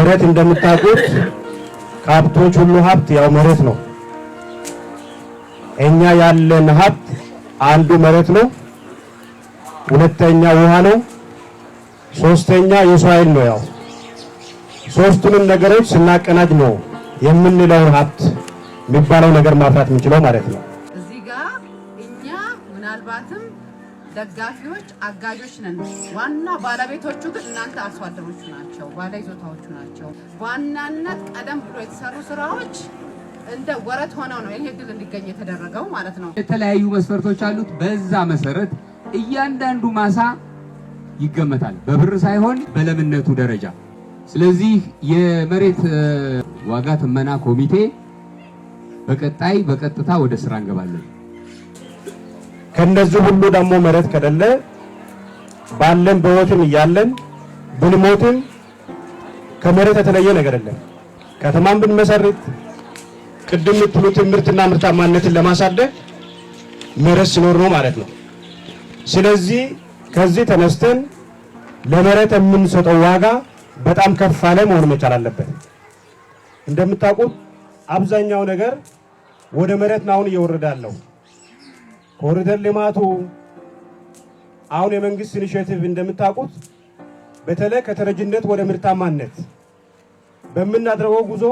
መሬት እንደምታውቁት ከሀብቶች ሁሉ ሀብት ያው መሬት ነው። እኛ ያለን ሀብት አንዱ መሬት ነው፣ ሁለተኛ ውሃ ነው፣ ሶስተኛ የሰው ኃይል ነው። ያው ሶስቱንም ነገሮች ስናቀናጅ ነው የምንለውን ሀብት የሚባለው ነገር ማፍራት የምንችለው ማለት ነው። ደጋፊዎች፣ አጋዦች ነን። ዋና ባለቤቶቹ ግን እናንተ አርሶ አደሮቹ ናቸው፣ ባለ ይዞታዎቹ ናቸው። በዋናነት ቀደም ብሎ የተሰሩ ስራዎች እንደ ወረት ሆነው ነው ይሄ ድል እንዲገኝ የተደረገው ማለት ነው። የተለያዩ መስፈርቶች አሉት። በዛ መሰረት እያንዳንዱ ማሳ ይገመታል፣ በብር ሳይሆን በለምነቱ ደረጃ። ስለዚህ የመሬት ዋጋ ትመና ኮሚቴ በቀጣይ በቀጥታ ወደ ስራ እንገባለን። ከነዚህ ሁሉ ደግሞ መሬት ከሌለ ባለን በሕይወትም እያለን ብንሞትም ከመሬት የተለየ ነገር የለም። ከተማን ብንመሰርት ቅድም የምትሉትን ምርትና ምርታማነትን ለማሳደግ መሬት ሲኖር ነው ማለት ነው። ስለዚህ ከዚህ ተነስተን ለመሬት የምንሰጠው ዋጋ በጣም ከፍ ያለ መሆን መቻል አለበት። እንደምታውቁት አብዛኛው ነገር ወደ መሬት ነው አሁን ነው። ኮሪደር ልማቱ አሁን የመንግስት ኢኒሼቲቭ እንደምታውቁት በተለይ ከተረጅነት ወደ ምርታማነት በምናደርገው ጉዞ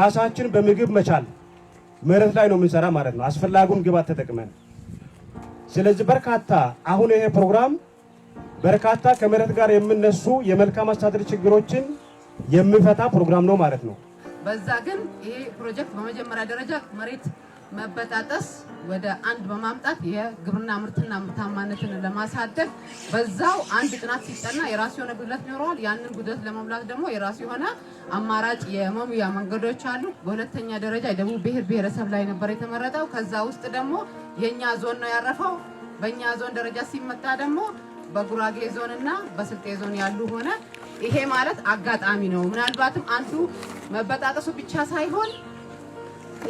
ራሳችን በምግብ መቻል መሬት ላይ ነው የምንሰራ ማለት ነው፣ አስፈላጊውን ግብዓት ተጠቅመን። ስለዚህ በርካታ አሁን ይሄ ፕሮግራም በርካታ ከመሬት ጋር የምነሱ የመልካም አስተዳደር ችግሮችን የሚፈታ ፕሮግራም ነው ማለት ነው። በዛ ግን ይሄ ፕሮጀክት በመጀመሪያ ደረጃ መሬት መበጣጠስ ወደ አንድ በማምጣት የግብርና ምርትና ምርታማነትን ለማሳደግ በዛው አንድ ጥናት ሲጠና የራሱ የሆነ ጉድለት ይኖረዋል። ያንን ጉድለት ለመሙላት ደግሞ የራሱ የሆነ አማራጭ የመሙያ መንገዶች አሉ። በሁለተኛ ደረጃ የደቡብ ብሔር ብሔረሰብ ላይ ነበር የተመረጠው። ከዛ ውስጥ ደግሞ የእኛ ዞን ነው ያረፈው። በእኛ ዞን ደረጃ ሲመጣ ደግሞ በጉራጌ ዞን እና በስልጤ ዞን ያሉ ሆነ። ይሄ ማለት አጋጣሚ ነው። ምናልባትም አንዱ መበጣጠሱ ብቻ ሳይሆን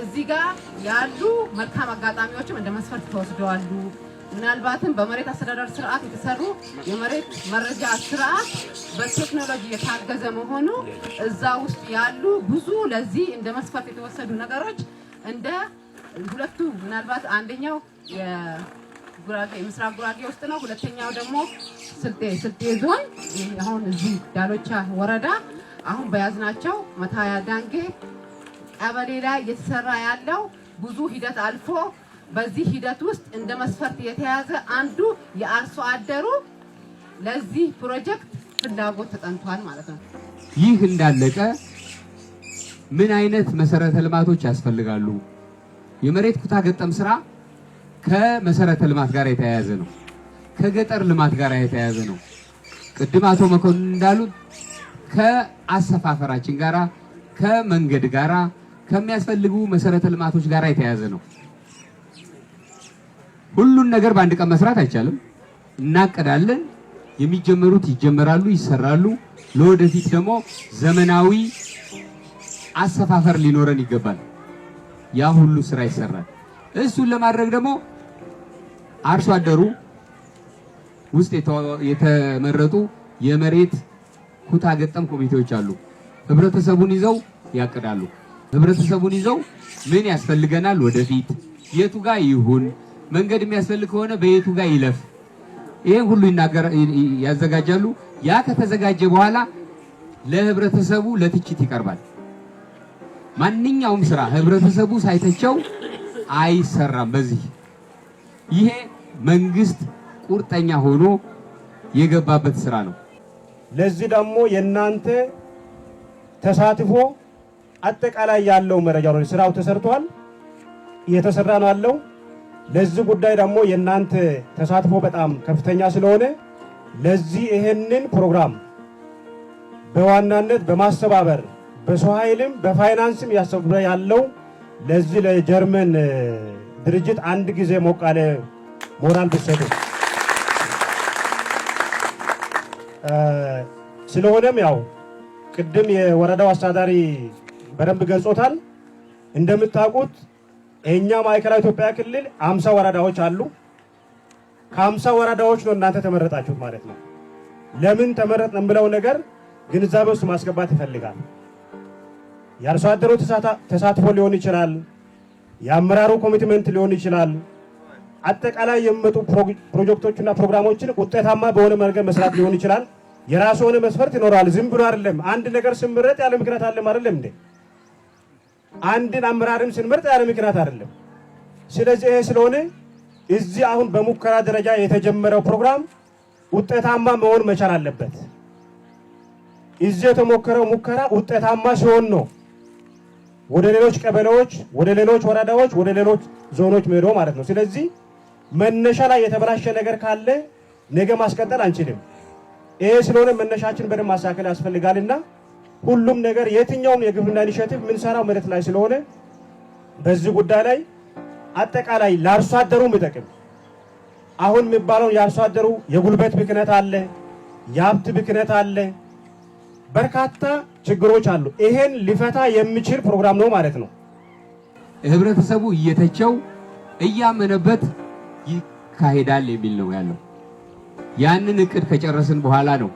እዚህ ጋር ያሉ መልካም አጋጣሚዎችም እንደ መስፈርት ተወስደዋሉ። ምናልባትም በመሬት አስተዳደር ስርዓት የተሰሩ የመሬት መረጃ ስርዓት በቴክኖሎጂ የታገዘ መሆኑ እዛ ውስጥ ያሉ ብዙ ለዚህ እንደ መስፈርት የተወሰዱ ነገሮች እንደ ሁለቱ ምናልባት አንደኛው የምስራቅ ጉራጌ ውስጥ ነው። ሁለተኛው ደግሞ ስልጤ ዞን አሁን እዚህ ዳሎቻ ወረዳ አሁን በያዝናቸው መታያ ዳንጌ ቀበሌ ላይ እየተሰራ ያለው ብዙ ሂደት አልፎ በዚህ ሂደት ውስጥ እንደ መስፈርት የተያዘ አንዱ የአርሶ አደሩ ለዚህ ፕሮጀክት ፍላጎት ተጠንቷል ማለት ነው። ይህ እንዳለቀ ምን አይነት መሰረተ ልማቶች ያስፈልጋሉ? የመሬት ኩታ ገጠም ስራ ከመሰረተ ልማት ጋር የተያያዘ ነው። ከገጠር ልማት ጋር የተያያዘ ነው። ቅድም አቶ መኮንን እንዳሉት ከአሰፋፈራችን ጋራ ከመንገድ ጋራ ከሚያስፈልጉ መሰረተ ልማቶች ጋር የተያያዘ ነው። ሁሉን ነገር በአንድ ቀን መስራት አይቻልም። እናቀዳለን። የሚጀመሩት ይጀመራሉ፣ ይሰራሉ። ለወደፊት ደግሞ ዘመናዊ አሰፋፈር ሊኖረን ይገባል። ያ ሁሉ ስራ ይሰራል። እሱን ለማድረግ ደግሞ አርሶ አደሩ ውስጥ የተመረጡ የመሬት ኩታ ገጠም ኮሚቴዎች አሉ። ህብረተሰቡን ይዘው ያቅዳሉ። ህብረተሰቡን ይዘው ምን ያስፈልገናል፣ ወደፊት የቱ ጋር ይሁን መንገድ የሚያስፈልግ ከሆነ በየቱ ጋር ይለፍ፣ ይህን ሁሉ ያዘጋጃሉ። ያ ከተዘጋጀ በኋላ ለህብረተሰቡ ለትችት ይቀርባል። ማንኛውም ስራ ህብረተሰቡ ሳይተቸው አይሰራም። በዚህ ይሄ መንግስት ቁርጠኛ ሆኖ የገባበት ስራ ነው። ለዚህ ደግሞ የእናንተ ተሳትፎ አጠቃላይ ያለው መረጃ ነው። ስራው ተሰርቷል፣ እየተሰራ ነው ያለው። ለዚህ ጉዳይ ደግሞ የእናንተ ተሳትፎ በጣም ከፍተኛ ስለሆነ ለዚህ ይህንን ፕሮግራም በዋናነት በማስተባበር በሰው ኃይልም በፋይናንስም እያስተባበረ ያለው ለዚህ ለጀርመን ድርጅት አንድ ጊዜ ሞቅ ያለ ሞራል ብሰጡ። ስለሆነም ያው ቅድም የወረዳው አስተዳዳሪ በደንብ ገልጾታል። እንደምታውቁት እኛ ማዕከላዊ ኢትዮጵያ ክልል አምሳ ወረዳዎች አሉ። ከአምሳ ወረዳዎች ነው እናንተ ተመረጣችሁት ማለት ነው። ለምን ተመረጥን ብለው ነገር ግንዛቤ ውስጥ ማስገባት ይፈልጋል። የአርሶ አደሩ ተሳትፎ ሊሆን ይችላል፣ የአመራሩ ኮሚትመንት ሊሆን ይችላል። አጠቃላይ የሚመጡ ፕሮጀክቶችና ፕሮግራሞችን ውጤታማ በሆነ መንገድ መስራት ሊሆን ይችላል። የራሱ የሆነ መስፈርት ይኖረዋል። ዝም ብሎ አይደለም። አንድ ነገር ስምረት ያለ ምክንያት አለም አይደለም እንዴ? አንድን አመራርም ስንመርጥ ያለ ምክንያት አይደለም። ስለዚህ ይሄ ስለሆነ እዚህ አሁን በሙከራ ደረጃ የተጀመረው ፕሮግራም ውጤታማ መሆን መቻል አለበት። እዚህ የተሞከረው ሙከራ ውጤታማ ሲሆን ነው ወደ ሌሎች ቀበሌዎች፣ ወደ ሌሎች ወረዳዎች፣ ወደ ሌሎች ዞኖች መሄዶ ማለት ነው። ስለዚህ መነሻ ላይ የተበላሸ ነገር ካለ ነገ ማስቀጠል አንችልም። ይሄ ስለሆነ መነሻችን በደንብ ማሳከል ያስፈልጋልና ሁሉም ነገር የትኛውም የግብርና ኢኒሼቲቭ የምንሰራው መሬት ላይ ስለሆነ በዚህ ጉዳይ ላይ አጠቃላይ ለአርሶ አደሩ የሚጠቅም አሁን የሚባለውን የአርሶ አደሩ የጉልበት ብክነት አለ፣ የሀብት ብክነት አለ፣ በርካታ ችግሮች አሉ። ይሄን ሊፈታ የሚችል ፕሮግራም ነው ማለት ነው። ህብረተሰቡ እየተቸው እያመነበት ይካሄዳል የሚል ነው ያለው። ያንን እቅድ ከጨረስን በኋላ ነው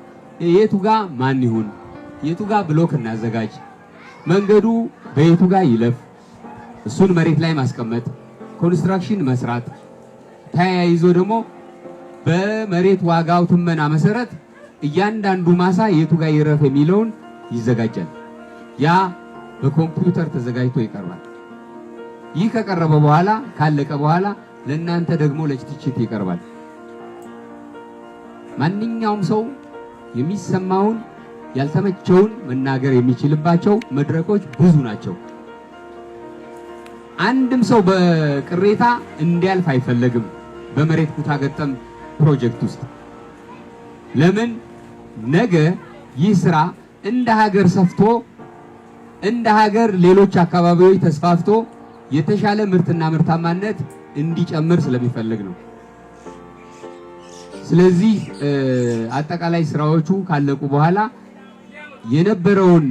የቱ ጋር ማን ይሁን የቱ ጋር ብሎክ እናዘጋጅ፣ መንገዱ በየቱ ጋር ይለፍ፣ እሱን መሬት ላይ ማስቀመጥ፣ ኮንስትራክሽን መስራት፣ ተያይዞ ደግሞ በመሬት ዋጋው ትመና መሰረት እያንዳንዱ ማሳ የቱ ጋር ይረፍ የሚለውን ይዘጋጃል። ያ በኮምፒውተር ተዘጋጅቶ ይቀርባል። ይህ ከቀረበ በኋላ ካለቀ በኋላ ለእናንተ ደግሞ ለችትችት ይቀርባል። ማንኛውም ሰው የሚሰማውን ያልተመቸውን መናገር የሚችልባቸው መድረኮች ብዙ ናቸው። አንድም ሰው በቅሬታ እንዲያልፍ አይፈለግም። በመሬት ኩታ ፕሮጀክት ውስጥ ለምን ነገ ይህ ስራ እንደ ሀገር ሰፍቶ እንደ ሀገር ሌሎች አካባቢዎች ተስፋፍቶ የተሻለ ምርትና ምርታማነት እንዲጨምር ስለሚፈልግ ነው። ስለዚህ አጠቃላይ ስራዎቹ ካለቁ በኋላ የነበረውን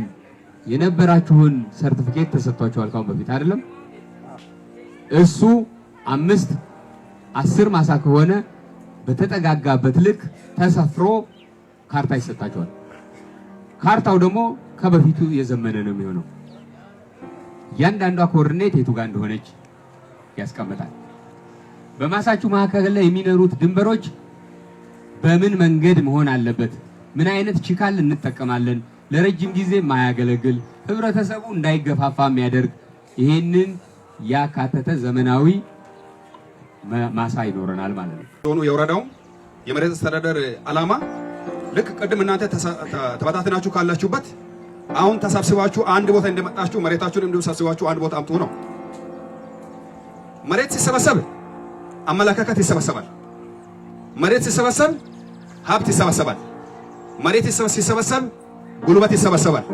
የነበራችሁን ሰርቲፊኬት ተሰጥቷችኋል ካሁን በፊት አይደለም? እሱ አምስት አስር ማሳ ከሆነ በተጠጋጋበት ልክ ተሰፍሮ ካርታ ይሰጣቸዋል። ካርታው ደግሞ ከበፊቱ የዘመነ ነው የሚሆነው። እያንዳንዷ ኮርኔት የቱ ጋር እንደሆነች ያስቀምጣል። በማሳችሁ መካከል ላይ የሚኖሩት ድንበሮች በምን መንገድ መሆን አለበት? ምን አይነት ችካል እንጠቀማለን? ለረጅም ጊዜ ማያገለግል ህብረተሰቡ እንዳይገፋፋ የሚያደርግ ይህንን ያካተተ ዘመናዊ ማሳ ይኖረናል ማለት ነው። ሆኑ የወረዳው የመሬት አስተዳደር ዓላማ ልክ ቅድም እናንተ ተበታትናችሁ ካላችሁበት አሁን ተሰብስባችሁ አንድ ቦታ እንደመጣችሁ መሬታችሁን እንደሰብስባችሁ አንድ ቦታ አምጡ ነው። መሬት ሲሰበሰብ አመለካከት ይሰበሰባል። መሬት ሲሰበሰብ ሀብት ይሰበሰባል። መሬት ሲሰበሰብ ጉልበት ይሰበሰባል።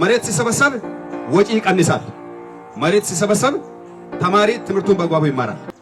መሬት ሲሰበሰብ ወጪ ይቀንሳል። መሬት ሲሰበሰብ ተማሪ ትምህርቱን በአግባቡ ይማራል።